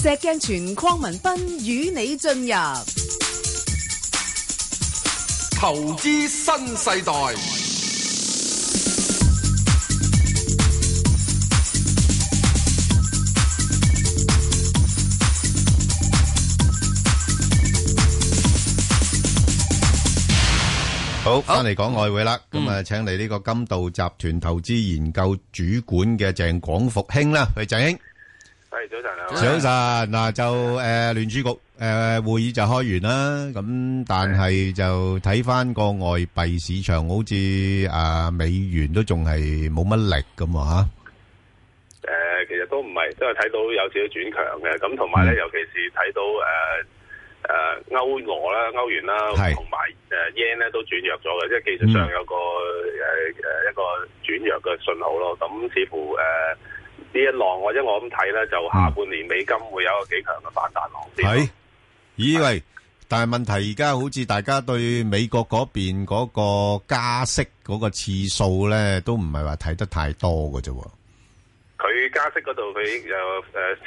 石鏡泉鄺文斌與你進入投資新世代，好，翻嚟講外匯啦，咁啊、嗯，請嚟呢個金道集團投資研究主管嘅鄭廣復兄啦，喂，鄭兄。係早晨，早晨嗱就誒聯儲局誒會議就開完啦，咁但係就睇返個外幣市場好似啊美元都仲係冇乜力咁啊吓。誒，其實都唔係，都係睇到有少少轉強嘅，咁同埋咧，尤其是睇到誒誒歐俄啦、歐元啦，同埋誒 yen 咧都轉弱咗嘅，即係技術上有個誒誒一個轉弱嘅信號咯。咁似乎誒。呢一浪或者我咁睇咧，就下半年美金會有個幾強嘅反彈浪。係，咦喂？但係問題而家好似大家對美國嗰邊嗰個加息嗰個次數咧，都唔係話睇得太多嘅啫。佢加息嗰度佢就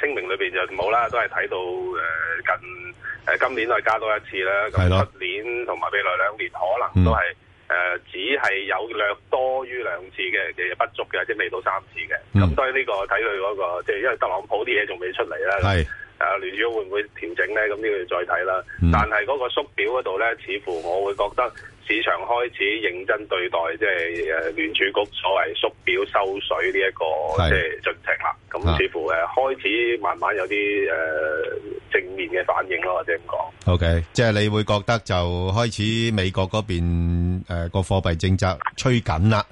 誒清明裏邊就冇啦，都係睇到誒、呃、近誒、呃、今年再加多一次啦。咁出年同埋未來兩年可能都係、嗯。誒、呃、只係有略多於兩次嘅，其實不足嘅，即係未到三次嘅。咁所以呢個睇佢嗰個，即係、那個就是、因為特朗普啲嘢仲未出嚟啦。係。啊，聯儲會唔會調整咧？咁呢個再睇啦。但係嗰個縮表嗰度咧，似乎我會覺得市場開始認真對待，即係誒聯儲局所謂縮表收水呢、這、一個即係進程啦。咁是、啊、似乎誒開始慢慢有啲誒、呃、正面嘅反應咯，或者咁講。O、okay. K，即係你會覺得就開始美國嗰邊誒個、呃、貨幣政策趨緊啦。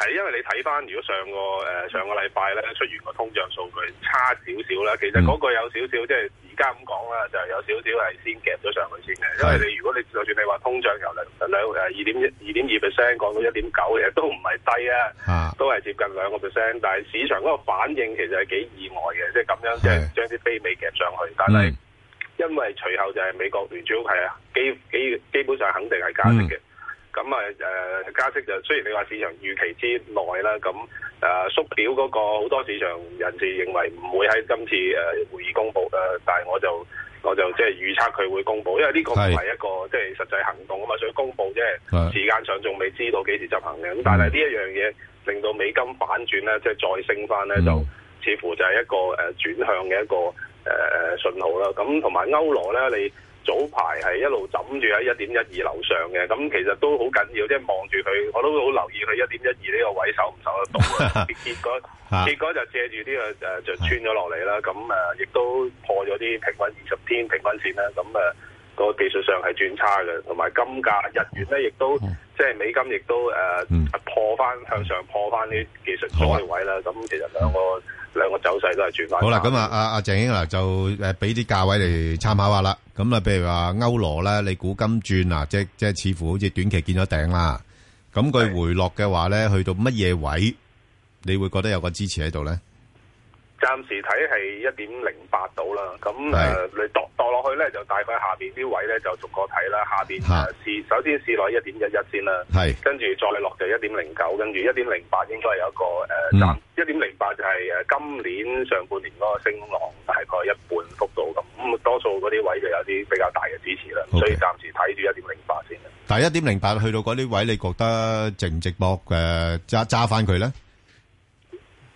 係，因為你睇翻如果上個誒、呃、上個禮拜咧出現個通脹數據差少少啦。其實嗰個有少少即係而家咁講啦，就係、是、有少少係先夾咗上去先嘅。是的 因為你如果你就算你話通脹由兩兩誒二點二點二 percent 降到一點九，其實都唔係低啊，啊都係接近兩個 percent。但係市場嗰個反應其實係幾意外嘅，即係咁樣將啲是的 非美夾上去，但係是的 因為隨後就係美國聯儲係啊，基基基本上肯定係加息嘅。嗯咁啊誒加息就雖然你話市場預期之內啦，咁誒、呃、縮表嗰個好多市場人士認為唔會喺今次誒、呃、會議公布誒，但係我就我就即係預測佢會公布，因為呢個唔係一個是即係實際行動啊嘛，所以公布即係是時間上仲未知道幾時執行嘅。咁是但係呢一樣嘢令到美金反轉咧，即係再升返咧，嗯、就似乎就係一個誒轉、呃、向嘅一個誒誒信號啦。咁同埋歐羅咧，你。你早排係一路枕住喺一點一二樓上嘅，咁其實都好緊要，即係望住佢，我都好留意佢一點一二呢個位守唔守得到？結果結果就借住呢、呢個誒就穿咗落嚟啦，咁誒亦都破咗啲平均二十天平均線啦，咁誒個技術上係轉差嘅，同埋金價日元咧亦都、嗯、即係美金亦都誒破翻、嗯、向上破翻啲技術阻力位啦，咁其實兩個。兩個走勢都係轉返。好啦，咁啊，阿阿鄭英嗱，就誒，俾啲價位嚟參考下啦。咁啊，譬如話歐羅咧，你古今轉啊，即即係似乎好似短期見咗頂啦。咁佢回落嘅話咧，的去到乜嘢位你會覺得有個支持喺度咧？暫時睇係一點零八到啦，咁誒嚟度度落去咧，就大概下邊啲位咧就逐個睇啦。下邊、啊、試首先試落一點一一先啦，跟住的再落就一點零九，跟住一點零八應該有一個誒暫一點零八就係誒今年上半年嗰個升浪大概一半幅度咁，咁多數嗰啲位就有啲比較大嘅支持啦，Okay. 所以暫時睇住一點零八先啦。但係一點零八去到嗰啲位，你覺得值唔值博？誒揸揸翻佢咧？誒、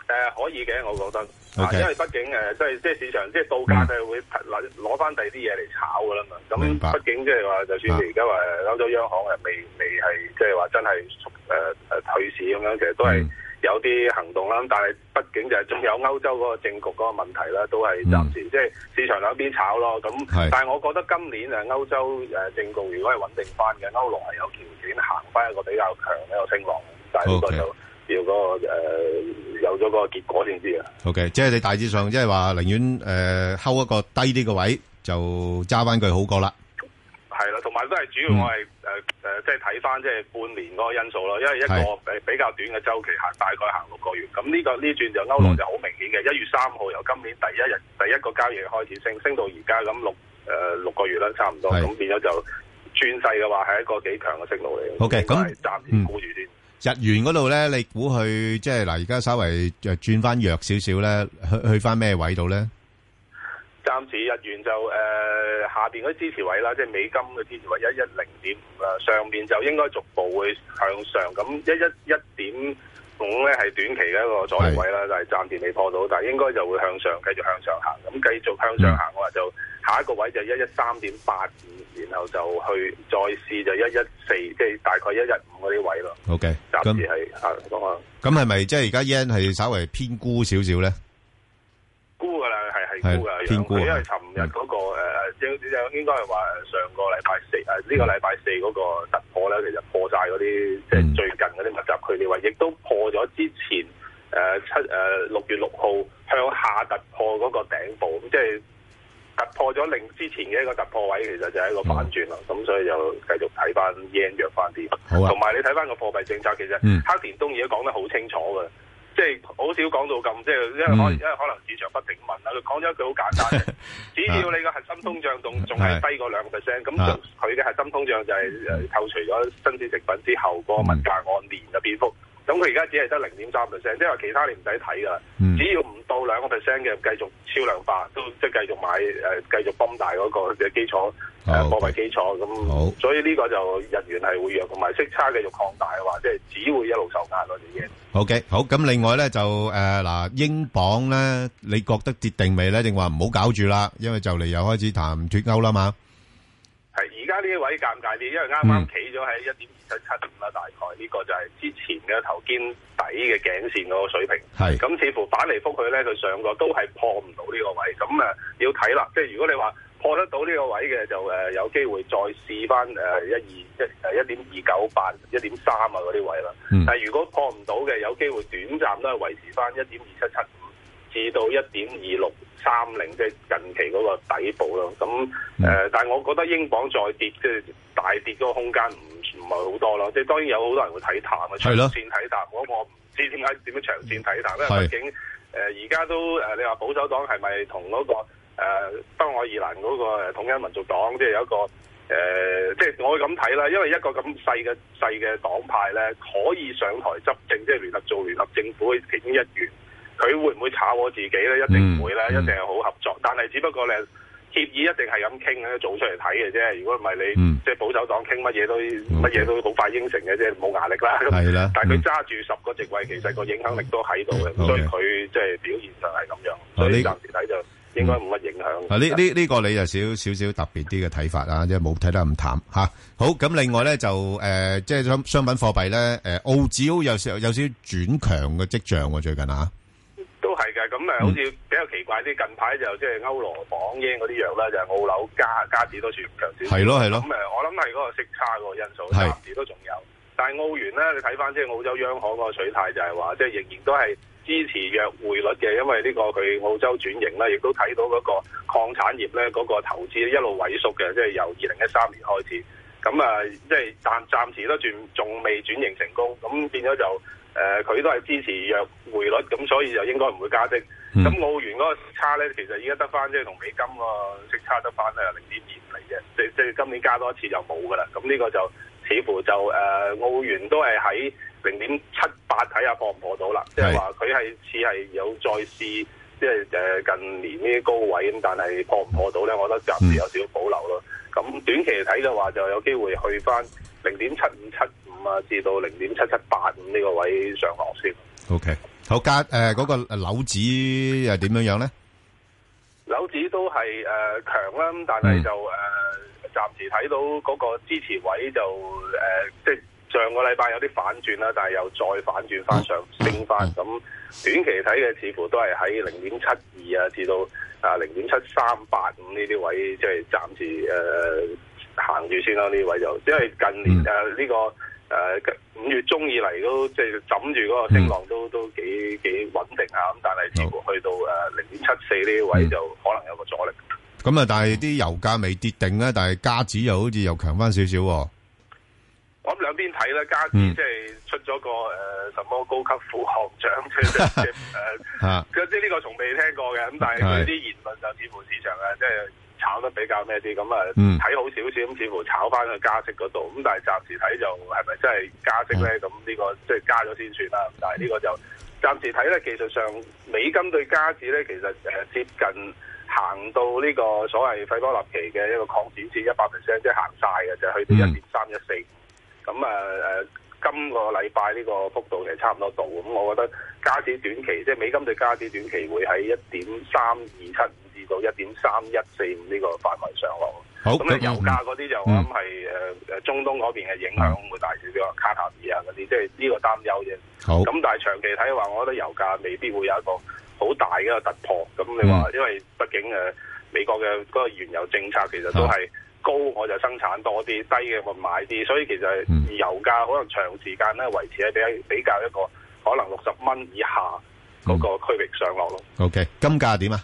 呃、可以嘅，我覺得。Okay. 因為畢竟誒，即係即係市場，即、就、係、是、到價就會攞攞翻第二啲嘢嚟炒㗎啦嘛。咁白畢竟即係話，就算而家話歐洲央行係未未係即係話真係誒誒退市咁樣，其實都係有啲行動啦。但係畢竟就係仲有歐洲嗰個政局嗰個問題啦，都係暫時即係、嗯、市場兩邊炒咯。咁是但係我覺得今年誒歐洲誒、啊、政局如果係穩定翻嘅，歐羅係有條件行翻一個比較強嘅一個升浪，但係呢個就。Okay. 個誒、呃、有咗個結果先知啊。OK，即係你大致上即係話寧願誒，溝、呃、一個低啲嘅位就揸翻佢好過啦。係啦，同埋都係主要我係誒誒，即係睇翻即係半年嗰個因素咯。因為一個比比較短嘅周期行，大概行六個月。咁呢、這個呢轉、嗯、就歐羅就好明顯嘅。一月三號由今年第一日第一個交易開始升，升到而家咁六誒、呃、六個月啦，差唔多。咁的變咗就轉勢嘅話，係一個幾強嘅升路嚟。好嘅，咁暫時沽住先。日元嗰度咧，你估佢即係嗱，而家稍微再轉翻弱少少咧，去去翻咩位度咧？暫時日元就誒、呃、下邊嗰啲支持位啦，即係美金嘅支持位一一零點五啦，1, 1, 5, 上邊就應該逐步會向上咁一一一點五咧係短期嘅一個阻力位啦，是但係暫時未破到，但係應該就會向上繼續向上行，咁繼續向上行嘅話、嗯、就下一個位就一一三點八五，然後就去再試就一一四，即係大概一一五嗰啲位咯。OK，暫時係嚇咁講下。咁係咪即係而家 yen 係稍微偏沽少少咧？沽啊、因為尋日嗰個誒誒、嗯呃，應應該係話上個禮拜四誒，呢、嗯啊這個禮拜四嗰個突破咧，其實破晒嗰啲即係最近嗰啲密集區啲位，亦都破咗之前誒、呃、七誒、呃、六月六號向下突破嗰個頂部，即係突破咗零之前嘅一個突破位，其實就係一個反轉咯。咁、嗯、所以就繼續睇翻 yen 弱翻啲，同埋、啊、你睇翻個貨幣政策，其實、嗯、黑田東彥都講得好清楚嘅。即係好少講到咁，即係因為可因為可能市場不景氣啦。佢講咗一句好簡單嘅， 只要你嘅核心通脹動仲係低過兩個 percent，咁佢嘅核心通脹就係扣除咗新鮮食品之後嗰個物價按年嘅變幅。咁佢而家只係得零點三 percent，即係話其他你唔使睇㗎，嗯、只要唔到兩個 percent 嘅繼續超量化，都即係繼續買誒繼、呃、續泵大嗰個嘅基礎，貨幣基礎咁。好。啊、好所以呢個就日元係會弱，同埋息差繼續擴大嘅話，即係只會一路受壓咯、啊，啲嘢。O、okay, K，好。咁另外咧就誒嗱、呃，英鎊咧，你覺得跌定未咧？定話唔好搞住啦，因為就嚟又開始談脱歐啦嘛。係而家呢位尷尬啲，因為啱啱企咗喺一點二七七呢個就係之前嘅頭肩底嘅頸線嗰個水平，係咁是似乎反嚟覆去咧，佢上個都係破唔到呢個位，咁啊、呃、要睇啦。即係如果你話破得到呢個位嘅，就誒、呃、有機會再試翻誒一二、一一點二九八、一點三啊嗰啲位啦。嗯、但係如果破唔到嘅，有機會短暫都係維持翻一點二七七五至到一點二六三零，即係近期嗰個底部咯。咁誒，呃嗯、但係我覺得英鎊再跌，即、就、係、是、大跌嗰個空間唔。唔係好多咯，即係當然有好多人會睇淡啊，長線睇淡。我我唔知點解點樣長線睇淡，因為畢竟誒而家都誒，你話保守黨係咪同嗰個誒北愛爾蘭嗰個統一民族黨，即係有一個誒，即係我咁睇啦。因為一個咁細嘅細嘅黨派咧，可以上台執政，即係聯合做聯合政府其中一員，佢會唔會炒我自己咧？一定唔會咧，一定係好合作。但係只不過咧。協議一定係咁傾咧，做出嚟睇嘅啫。如果唔係你，即係保守黨傾乜嘢都乜嘢、嗯、都好快應承嘅啫，冇壓力啦。係啦的。但係佢揸住十個席位，其實個影響力都喺度嘅，嗯、所以佢即係表現上係咁樣。okay 所以呢暫時睇就應該冇乜影響。啊，呢呢呢個你有少少少特別啲嘅睇法啊，即係冇睇得咁淡嚇。好，咁另外咧就誒，即係商商品貨幣咧，誒澳紙有少有少轉強嘅跡象喎，最近啊。咁誒，好似、嗯嗯、比較奇怪啲，近排就即係歐羅榜英嗰啲弱啦，就是、澳樓加加都多處強少。係咯係咯。咁誒、嗯，的我諗係嗰個息差嗰個因素，的暫時都仲有。但係澳元咧，你睇翻即係澳洲央行個取態就，就係話即係仍然都係支持弱匯率嘅，因為呢、這個佢澳洲轉型咧，亦都睇到嗰個礦產業咧嗰個投資一路萎縮嘅，即、就、係、是、由二零一三年開始。咁啊，即、就、係、是、暫暫時都轉，仲未轉型成功。咁變咗就。誒佢、呃、都係支持弱匯率，咁所以就應該唔會加息。咁澳元嗰個差咧，其實依家得翻即係同美金個、啊、息差得翻咧，零點二五嚟嘅。即即今年加多一次就冇噶啦。咁呢個就似乎就誒、呃、澳元都係喺零點七八睇下破唔破到啦是。即係話佢係似係有再試，即係誒近年呢啲高位咁，但係破唔破到咧？我覺得暫時有少少保留咯。咁、嗯、短期嚟睇嘅話，就有機會去翻。零點七五七五啊，至到零點七七八五呢個位上落先。O、okay. K，好加誒，嗰、呃那個樓指又點樣樣咧？樓指都係誒強啦，但係就誒暫、呃、時睇到嗰個支持位就誒，即、呃、係、就是、上個禮拜有啲反轉啦，但係又再反轉返、嗯、上升返。咁、嗯、短期睇嘅似乎都係喺零點七二啊，至到啊零點七三八五呢啲位，即係暫時誒。呃行住先啦呢位就，因為近年誒呢個誒五月中以嚟都即係枕住嗰個升浪都都幾幾穩定啊，咁但係似乎去到誒零點七四呢位就可能有個阻力。咁啊、嗯，但係啲油價未跌定咧，但係加紙又好似又強翻少少。我諗兩邊睇啦，加紙即係出咗個誒、呃、什麼高級副行長，誒、嗯，即係呢個從未聽過嘅，咁但係佢啲言論就似乎市場啊即係。炒得比較咩啲咁啊？睇、嗯、好少少咁，似乎炒翻去加息嗰度。咁但係暫時睇就係咪真係加息咧？咁呢、嗯、個即係加咗先算啦。但係呢個就暫時睇咧，技術上美金對加紙咧，其實誒、呃、接近行到呢個所謂費波納奇嘅一個擴展線一百 percent，即係行晒嘅就是、去到一點三一四。咁啊誒，今個禮拜呢個幅度其實差唔多到。咁、嗯、我覺得加紙短期即係美金對加紙短期會喺一點三二七，至到一點三一四五呢個範圍上落，好咁你、嗯、油價嗰啲就我諗係誒誒，中東嗰邊嘅影響會，會大少少咯，嗯、卡塔爾啊嗰啲，即係呢個擔憂啫。好咁，但係長期睇嘅話，我覺得油價未必會有一個好大嘅突破。咁你話，嗯、因為畢竟誒、啊、美國嘅嗰個原油政策其實都係高、嗯、我就生產多啲，低嘅我買啲，所以其實油價可能長時間咧維持喺比較比較一個可能六十蚊以下嗰個區域上落咯。O K. 金價點啊？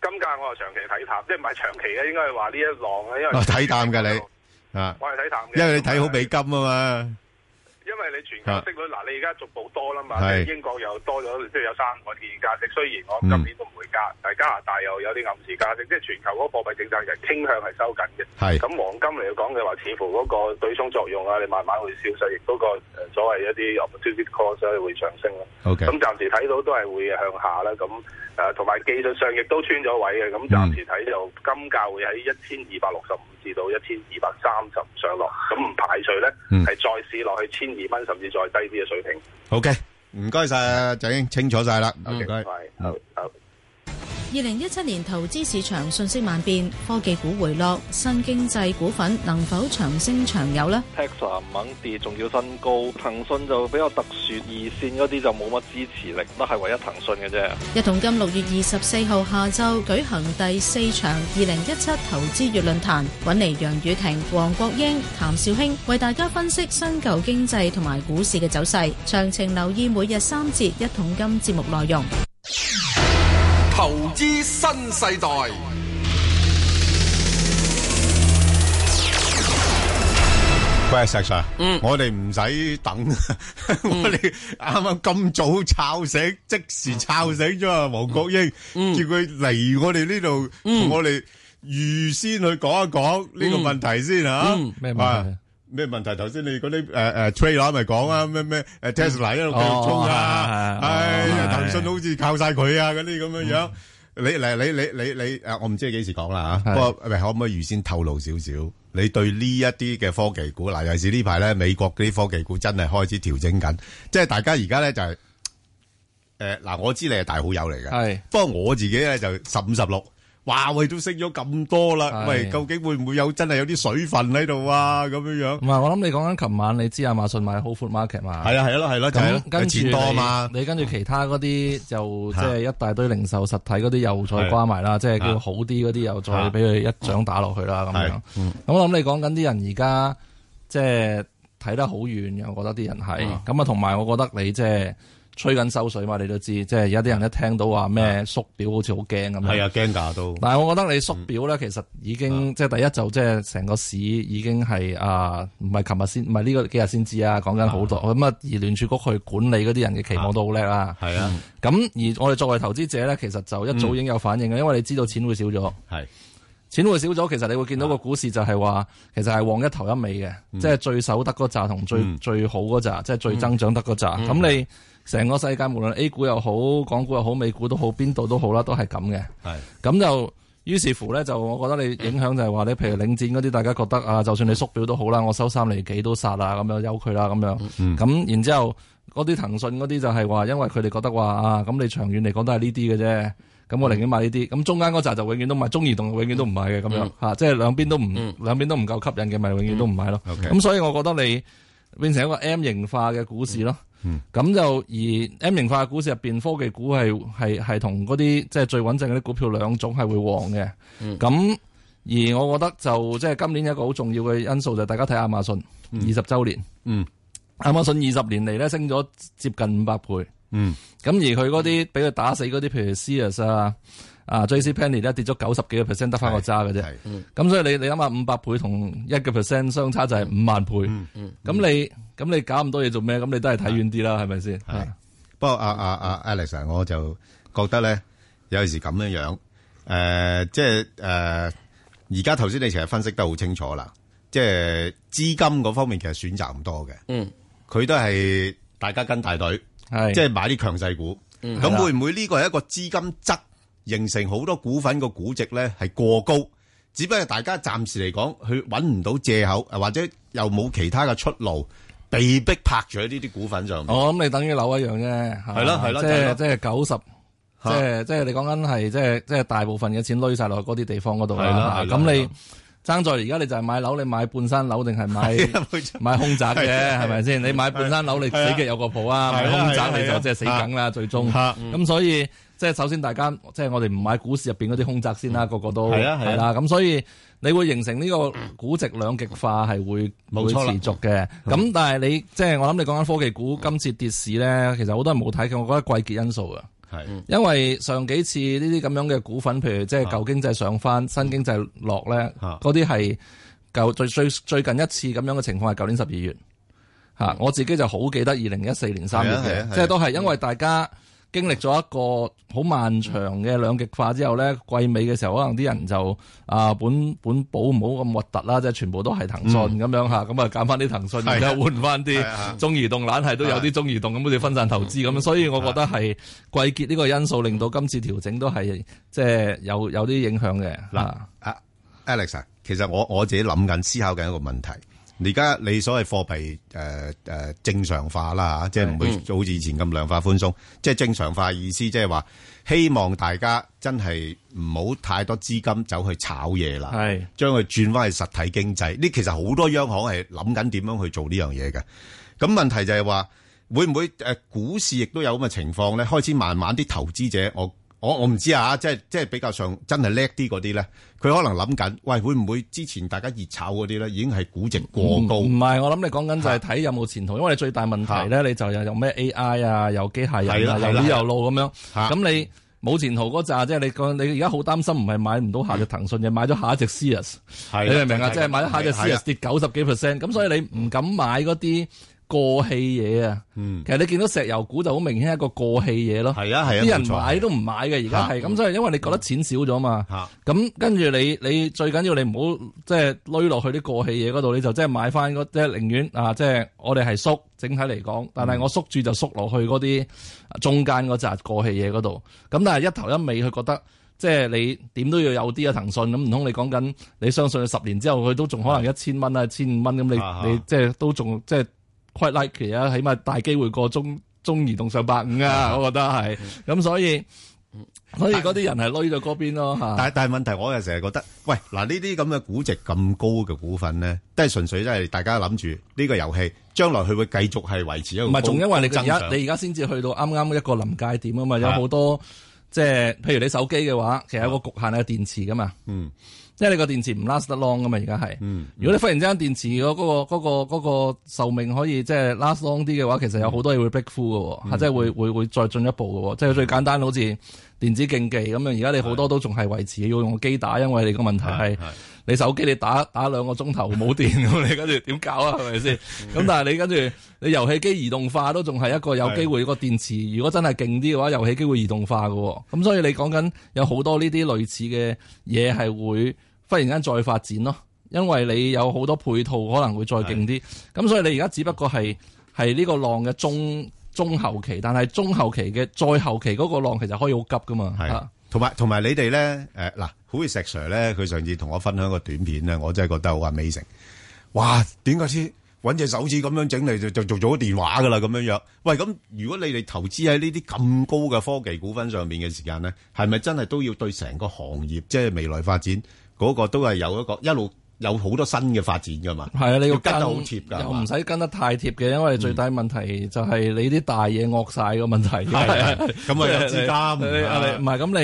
今屆我係長期睇淡，即係唔係長期咧，應該係話呢一浪啊，因為睇淡嘅你啊，你啊我係睇淡嘅，因為你睇好美金啊嘛。因為你全球息率，嗱、啊啊、你而家逐步多啦嘛，是英國又多咗，即係有三個現加息。雖然我今年都唔會加，嗯、但係加拿大又有啲暗示加息。即係全球嗰個貨幣政策其實傾向係收緊嘅。係咁是黃金嚟講嘅話，似乎嗰個對沖作用啊，你慢慢會消失，亦都個、呃、所謂一啲啊 trigger cause 會上升咯。O K。咁暫時睇到都係會向下啦。咁誒同埋技術上亦都穿咗位嘅。咁暫時睇就金價會喺一千二百六十五至到一千二百三十上落。咁唔排除咧係、嗯、再試落去千二蚊，甚至再低啲嘅水平。OK，唔該曬就已經清楚曬啦，唔該，好。二零一七年投資市場瞬息萬變，科技股回落，新經濟股份能否長升長有呢？Tesla 猛跌，仲要新高，騰訊就比較特殊，二綫嗰啲就冇乜支持力，都係唯一騰訊嘅啫。一桶金六月二十四號下晝舉行第四場二零一七投資月論壇，揾嚟楊雨婷、黃國英、譚兆興為大家分析新舊經濟同埋股市嘅走勢，詳情留意每日三節一桶金節目內容。投資新世代，喂石 Sir，嗯，我哋唔使等，我哋啱啱咁早吵醒，即時吵醒咗啊！黃國英，嗯，叫佢嚟我哋呢度，同我哋預先去講一講呢個問題先吓，咩問題？咩問題？頭先你嗰啲誒誒，trailer 咪講啊？咩咩、哦？誒，Tesla 一路繼續衝啊！係騰訊好似靠晒佢啊，嗰啲咁樣樣。你嚟，你你你你誒，我唔知你幾時講啦吓。是可不過喂，可唔可以預先透露少少？你對呢一啲嘅科技股，嗱，尤其是呢排咧，美國嗰啲科技股真係開始調整緊。即係大家而家咧就係、是、誒，嗱、呃，我知你係大好友嚟嘅。係是，不過我自己咧就十五十六。16, 華為都升咗咁多啦，咪究竟會唔會有真係有啲水分喺度啊？咁樣樣唔係，我諗你講緊，琴晚你知亞馬遜買 Whole Foods Market 嘛？係啊，係啊，係咯，咁跟住多嘛？你跟住其他嗰啲就即係一大堆零售實體嗰啲又再瓜埋啦，即係叫好啲嗰啲又再俾佢一掌打落去啦，咁樣。咁我諗你講緊啲人而家即係睇得好遠嘅，我覺得啲人係。咁啊，同埋我覺得你即係。吹緊收水嘛，你都知，即係有啲人一聽到話咩縮表，好似好驚咁樣。係啊，驚㗎都。但係我覺得你縮表咧，其實已經即係第一就即係成個市已經係啊，唔係琴日先，唔係呢個幾日先知啊，講緊好多咁啊。而聯儲局去管理嗰啲人嘅期望都好叻啦。係啊。咁而我哋作為投資者咧，其實就一早已經有反應嘅，因為你知道錢會少咗。係。錢會少咗，其實你會見到個股市就係話，其實係旺一頭一尾嘅，即係最守得嗰扎同最最好嗰扎，即係最增長得嗰扎。咁你。成個世界無論 A 股又好、港股又好、美股都好，邊度都好啦，都係咁嘅。係咁就於是乎咧，就我覺得你影響就係話你譬如領展嗰啲，大家覺得啊，就算你縮表都好啦，我收三厘幾都殺、嗯、啊，咁樣優佢啦，咁樣。嗯。咁然之後嗰啲騰訊嗰啲就係話，因為佢哋覺得話啊，咁你長遠嚟講都係呢啲嘅啫。咁我寧願買呢啲。咁中間嗰扎就永遠都買，中移動永遠都唔買嘅咁樣嚇，即係、嗯嗯、兩邊都唔、嗯、兩邊都唔夠吸引嘅咪永遠都唔買咯。OK 咁所以我覺得你變成一個 M 型化嘅股市咯。嗯嗯嗯，咁就而 m 名化嘅股市入邊，科技股係係係同嗰啲即係最穩陣嗰啲股票兩種係會旺嘅。咁而我覺得就即係今年一個好重要嘅因素就係大家睇亞馬遜二十周年。嗯，亞馬遜二十年嚟咧，升咗接近五百倍。嗯，咁而佢嗰啲俾佢打死嗰啲，譬如 c s s 啊、啊 JC Penney 咧跌咗九十幾個 percent，得翻個渣嘅啫。咁所以你你諗下五百倍同一個 percent 相差就係五萬倍。咁你。咁你搞咁多嘢做咩？咁你都係睇遠啲啦，係咪先？係不過阿阿阿 Alex 我就覺得咧，有陣時咁樣樣誒，即係誒，而家頭先你其實分析得好清楚啦，即係資金嗰方面其實選擇唔多嘅，嗯，佢都係大家跟大隊，係即係買啲強勢股，咁、嗯、會唔會呢個係一個資金擠形成好多股份個估值咧係過高？只不過大家暫時嚟講，佢揾唔到借口，或者又冇其他嘅出路。被逼拍咗呢啲股份上面，我咁你等於樓一樣啫，係啦係啦，即係即係九十，即係即係你講緊係即係即係大部分嘅錢攞晒落去嗰啲地方嗰度啦。咁你爭在而家，你就係買樓，你買半山樓定係買買空宅嘅，係咪先？你買半山樓，你死極有個譜啊；買空宅你就即係死梗啦。最終咁，所以即係首先大家即係我哋唔買股市入邊嗰啲空宅先啦，個個都係啦。咁所以。你會形成呢個估值兩極化，係會冇錯啦，持續嘅咁，但係你即係的、就是、我諗你講緊科技股今次跌市咧，其實好多人冇睇嘅。我覺得季結因素啊，係的因為上幾次呢啲咁樣嘅股份，譬如即係舊經濟上翻，的新經濟落咧，嗰啲係舊最最最近一次咁樣嘅情況係舊年十二月吓。的的我自己就好記得二零一四年三月嘅，即係的、就是、都係因為大家。經歷咗一個好漫長嘅兩極化之後咧，季尾嘅時候可能啲人就啊本本保唔好咁核突啦，即係全部都係騰訊咁樣吓，咁啊揀翻啲騰訊，而家換翻啲中移動，懶係都有啲中移動咁，好似分散投資咁啊。的所以我覺得係季結呢個因素令到的今次調整都係即係有有啲影響嘅嗱啊，啊，Alex 啊，其實我我自己諗緊思考緊一個問題。而家你所謂貨幣誒誒、呃呃、正常化啦嚇，即係唔會好似以前咁量化寬鬆，即係是正常化意思即係話希望大家真係唔好太多資金走去炒嘢啦，是將佢轉翻去實體經濟。呢其實好多央行係諗緊點樣去做呢樣嘢嘅。咁問題就係話會唔會誒股市亦都有咁嘅情況咧？開始慢慢啲投資者我。我我唔知啊，即係即係比較上真係叻啲嗰啲咧，佢可能諗緊，喂會唔會之前大家熱炒嗰啲咧，已經係估值過高？唔係，嗯，我諗你講緊就係睇有冇前途，是的 因為你最大問題咧，是的 你就又又咩 AI 啊，有機械人啊，的有旅遊路咁樣，咁是的 你冇前途嗰扎，即係是的 你講你而家好擔心，唔係買唔到下隻騰訊，又，嗯、買咗下一隻 Series，你明唔明啊？即係買咗下隻 Series 跌九十幾 percent，咁所以你唔敢買嗰啲。過氣嘢啊，嗯、其實你見到石油股就好明顯係一個過氣嘢咯，係啊係啊，啲、啊、人買都唔買嘅而家係咁，所以因為你覺得錢少咗嘛，咁、啊、跟住，你你最緊要你唔好即係攞落去啲過氣嘢嗰度，你就即係買翻即係寧願啊即係、就是、我哋係縮整體嚟講，但係我縮住就縮落去嗰啲中間嗰紮過氣嘢嗰度，咁但係一頭一尾佢覺得即係你點都要有啲啊騰訊咁，唔通你講緊你相信十年之後佢都仲可能一千蚊啊千五蚊咁，你你即係都仲即係。啊 quite likely 起碼大機會過中中移動上百五啊，的我覺得係，咁的所以、嗯、所以嗰啲人係摟咗嗰邊咯嚇但的。但係但係問題，我又成日覺得，喂嗱呢啲咁嘅估值咁高嘅股份咧，都係純粹都係大家諗住呢個遊戲將來佢會繼續係維持一個唔係，仲因為你而家長你而家先至去到啱啱一個臨界點啊嘛，有好多。即係，譬如你手機嘅話，其實有個局限你係電池噶嘛。嗯，即係你個電池唔 last 得 long 噶嘛，而家係。嗯，如果你忽然之間電池嗰、嗰、嗰個、嗰個、嗰個壽命可以即係 last long 啲嘅話，其實有好多嘢會逼呼嘅，吓、嗯、即係會會會再進一步嘅、哦、嗯、即係最簡單、嗯、好似。電子競技咁樣，而家你好多都仲係維持是要用機打，因為你個問題係你手機你打打兩個鐘頭冇電， 咁你跟住點搞啊？係咪先？咁 但係你跟住你遊戲機移動化都仲係一個有機會，個電池如果真係勁啲嘅話，遊戲機會移動化嘅。咁所以你講緊有好多呢啲類似嘅嘢係會忽然間再發展咯，因為你有好多配套可能會再勁啲。咁是所以你而家只不過係係呢個浪嘅中中後期，但係中後期嘅再後期嗰個浪其實可以好急噶嘛？係的啊，同埋同埋你哋咧，誒、呃、嗱，好似石 Sir 咧，佢上次同我分享個短片咧，我真係覺得好 Amazing 哇，點解先搵隻手指咁樣整嚟就就做咗電話噶啦咁樣樣？喂，咁如果你哋投資喺呢啲咁高嘅科技股份上面嘅時間咧，係咪真係都要對成個行業即係、就是、未來發展嗰個都係有一個一路？有好多新嘅發展噶嘛？係啊，你要跟得好貼㗎，又唔使跟得太貼嘅，因為最大問題就係你啲大嘢惡晒個問題。係咁啊，有唔係咁，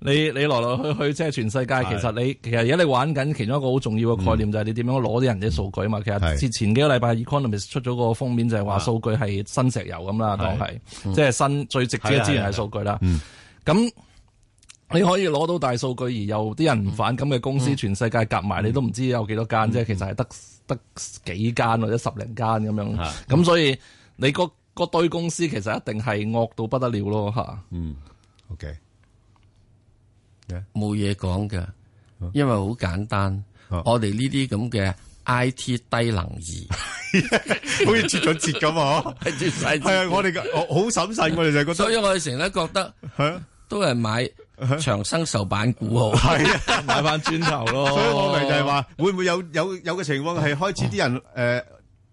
你你你來來去去即係全世界，其實你其實而家你玩緊其中一個好重要嘅概念，就係你點樣攞啲人嘅數據啊嘛。其實前前幾個禮拜 Economist 出咗個封面，就係話數據係新石油咁啦，當係即係新最直接嘅資源係數據啦。咁你可以攞到大數據，而有啲人唔反感嘅公司，全世界夾埋你都唔知有幾多間啫。其實係得得幾間或者十零間咁樣，咁、uh, uh. 所以你個堆、那個、公司其實一定係惡到不得了咯嚇。嗯、啊 mm，OK，冇嘢講嘅，因為好簡單。Uh. 我哋呢啲咁嘅 IT 低能兒，uh. 好似切咗節咁啊！係啊 節， 我哋好審慎， 我哋就覺得。所以我哋成日覺得，都係買。長生壽版股好，係 啊買翻磚頭咯， 所以我咪就係話會唔會有有有個情況係開始啲人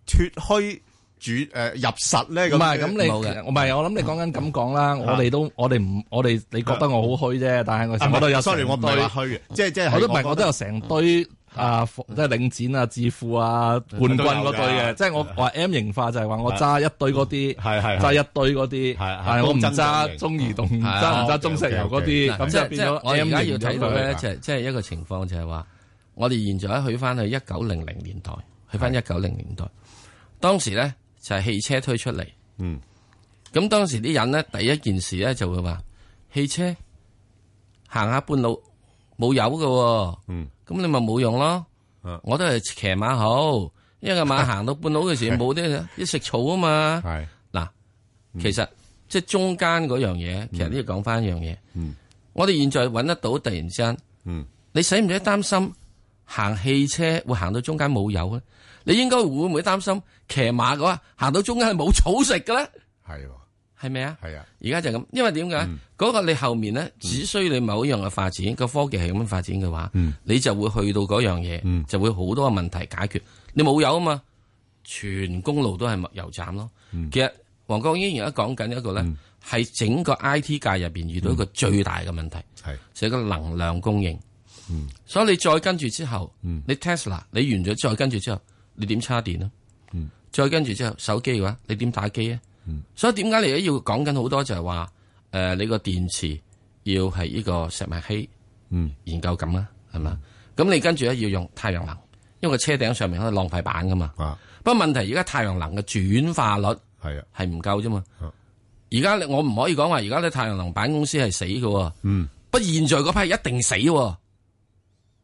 誒脫虛主誒入實咧咁，唔係咁你，唔係我諗你講緊咁講啦，我哋、啊、都我哋唔我哋你覺得我好虛啫，但係我我都有衰，啊、sorry, 我唔係虛嘅，即係即係，我都唔係，我都有成堆。啊，即係領展啊、置富啊、冠軍嗰隊嘅，即係我話 M 型化就係話我揸一堆嗰啲，係係揸一堆嗰啲，但係我唔揸中移動，唔揸中石油嗰啲，咁就變咗。我而家要睇到咧，就即係一個情況，就係話我哋現在去翻去一九零零年代，去翻一九零年代，當時咧就係汽車推出嚟，嗯，咁當時啲人咧第一件事咧就會話汽車行下半路。冇油嘅，嗯，咁你咪冇用咯。啊、我都係騎馬好，因為個馬行到半路嘅時冇啲， 一食草啊嘛。係是，嗱，其實、嗯、即係中間嗰樣嘢，其實都要講翻一樣嘢。嗯，我哋現在揾得到，突然之間，嗯，你使唔使擔心行汽車會行到中間冇油咧？你應該會唔會擔心騎馬嘅話行到中間係冇草食嘅咧？係係咩？啊？係啊！而家就咁，因為點解？嗰個你後面咧，只需你某一樣嘅發展，個科技係咁樣發展嘅話，你就會去到嗰樣嘢，就會好多嘅問題解決。你冇油啊嘛，全公路都係油站咯。其實黃國英而家講緊一個咧，係整個 I T 界入邊遇到一個最大嘅問題，就係個能量供應。所以你再跟住之後，你 Tesla 你完咗再跟住之後，你點叉電啊？再跟住之後，手機嘅話，你點打機啊？嗯、所以點解你而家要講緊好多就係話，誒、呃、你個電池要係呢個石墨烯，嗯，研究咁啦，係嘛，咁你跟住咧要用太陽能，因為個車頂上面可能浪費板噶嘛，啊、不過問題而家太陽能嘅轉化率係啊係唔夠啫嘛，而家、啊、我唔可以講話而家咧太陽能板公司係死嘅，嗯，不過現在嗰批一定死，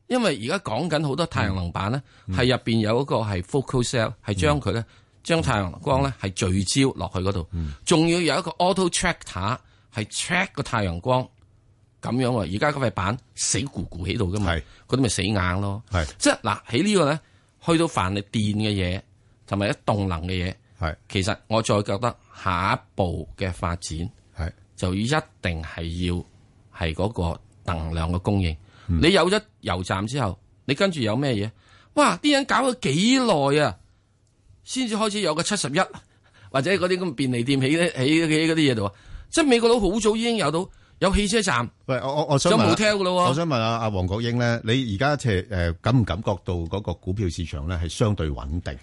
因為而家講緊好多太陽能板咧係入邊有一個係 focal cell 係將佢咧。.將太陽光咧係聚焦落去嗰度，仲、嗯、要有一個 auto tracker，係 track 個太陽光，咁樣啊！而家嗰塊板死咕咕喺度噶嘛，嗰啲咪死硬咯。係是即係嗱，喺呢個咧去到凡係電嘅嘢，同埋一動能嘅嘢，係是其實我再覺得下一步嘅發展，係是就一定係要係嗰個能量嘅供應。嗯、你有咗油站之後，你跟住有咩嘢？哇！啲人搞咗幾耐啊！先至開始有個七十一，或者嗰啲咁便利店起咧起起嗰啲嘢度，即係美國佬好早已經有到有汽車站。喂，我我我想問，我想問下阿黃國英咧，你而家即係誒感唔感覺到嗰個股票市場咧係相對穩定？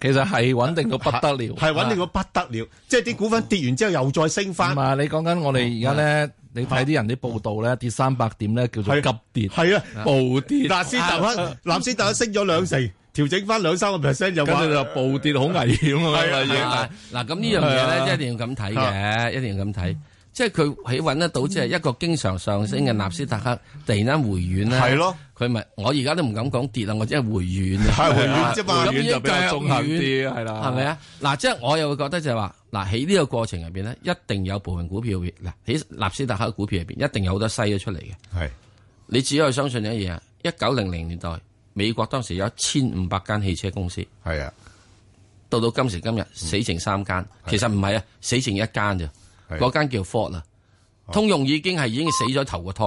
其實係穩定到不得了，係穩定到不得了，即係啲股份跌完之後又再升翻。唔係你講緊我哋而家咧，你睇啲人啲報道咧，跌三百點咧叫做急跌，係啊，暴跌。納斯達克納斯達克升咗兩成。調整翻兩三個 percent 就，咁你話暴跌好危險啊！係啊，嗱咁呢樣嘢咧，一定要咁睇嘅，一定要咁睇，即係佢起穩得到，即係一個經常上升嘅納斯達克突然間回軟咧，係咯，佢咪我而家都唔敢講跌啊，我只係回軟啊，係回軟啫嘛，回軟就比較中肯啲，係啦，係咪啊？嗱，即係我又會覺得就係話，嗱喺呢個過程入邊咧，一定有部分股票，嗱喺納斯達克嘅股票入邊，一定有好多篩咗出嚟嘅，係，你只可以相信一樣啊，一九零零年代。美國當時有一千五百間汽車公司，係啊，到到今時今日死剩三間，啊、其實唔係啊，死剩一間啫，嗰間叫 Ford 啦，啊，通用已經係已經死咗頭個胎。